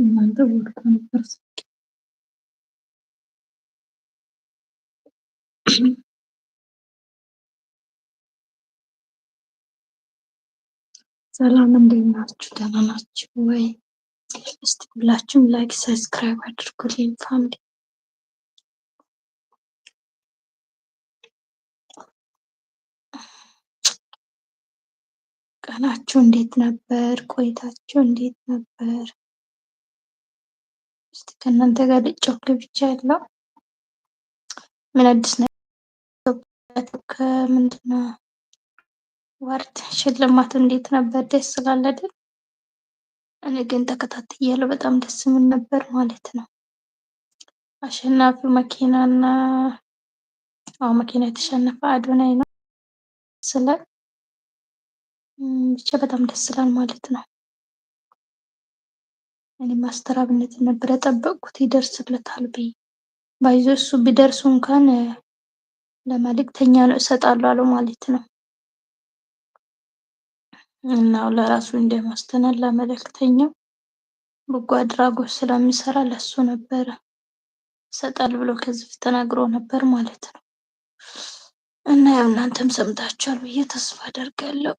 እናንተ ወድቆ ነበር። ሰላም እንዴት ናችሁ? ደህና ናችሁ ወይ? እስቲ ሁላችሁም ላይክ ሰብስክራይብ አድርጉልኝ ፋሚሊ። ቀናችሁ እንዴት ነበር? ቆይታችሁ እንዴት ነበር? ውስጥ ከእናንተ ጋር ልጫወት ገብቻለሁ። ምን አዲስ ነገር ከምንድን ነው? ዋርድ ሽልማት እንዴት ነበር? ደስ ስላለ አይደል? እኔ ግን ተከታትያለሁ። በጣም ደስ የሚል ነበር ማለት ነው። አሸናፊው እና አዎ መኪና የተሸነፈ አዶናይ ነው ስለ ብቻ በጣም ደስ ይላል ማለት ነው። እኔም አብነት ነበር የጠበቅኩት ይደርስለታል ብዬ ባይዞ እሱ ቢደርሱ እንኳን ለመልእክተኛ ነው እሰጣለሁ አለው ማለት ነው። እናው ለራሱ እንደማስተናል ለመልእክተኛው በጎ አድራጎት ስለሚሰራ ለሱ ነበረ ይሰጣል ብሎ ከዚህ ተናግሮ ነበር ማለት ነው። እና ያው እናንተም ሰምታችኋል ብዬ ተስፋ አደርጋለሁ።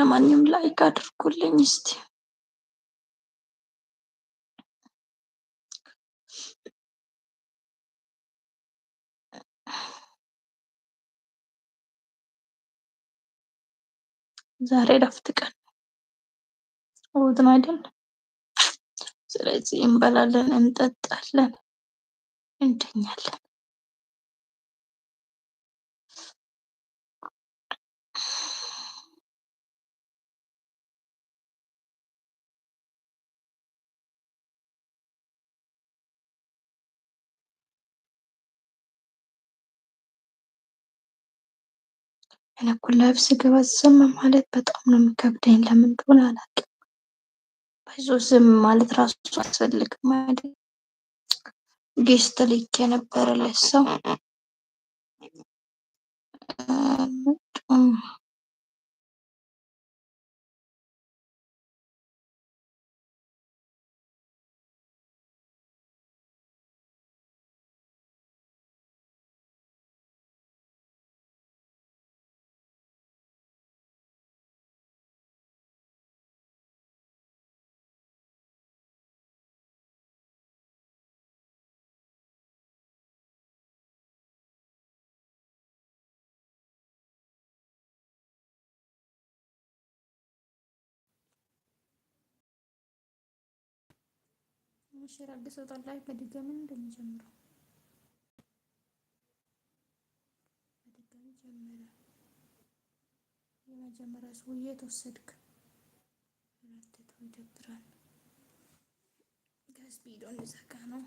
ለማንኛውም ላይክ አድርጉልኝ እስቲ። ዛሬ እረፍት ቀን እሑድ ነው አይደል? ስለዚህ እንበላለን፣ እንጠጣለን፣ እንተኛለን። እኔ ስገባ ለብስ ዝም ማለት በጣም ነው የሚከብደኝ። ለምን እንደሆነ አላውቅም። ባይዞ ዝም ማለት ራሱ አያስፈልግም አይደል? ጌስት ልክ የነበረ ለሰው ሼር አድርገው ጠላይ በድጋሚ እንደሚጀምረው በድጋሚ ጀመረ። የመጀመሪያ ሰው እየተወሰድክ ሁለት ይደብራል። ጋዝ ቢዶን ዘጋ ነው።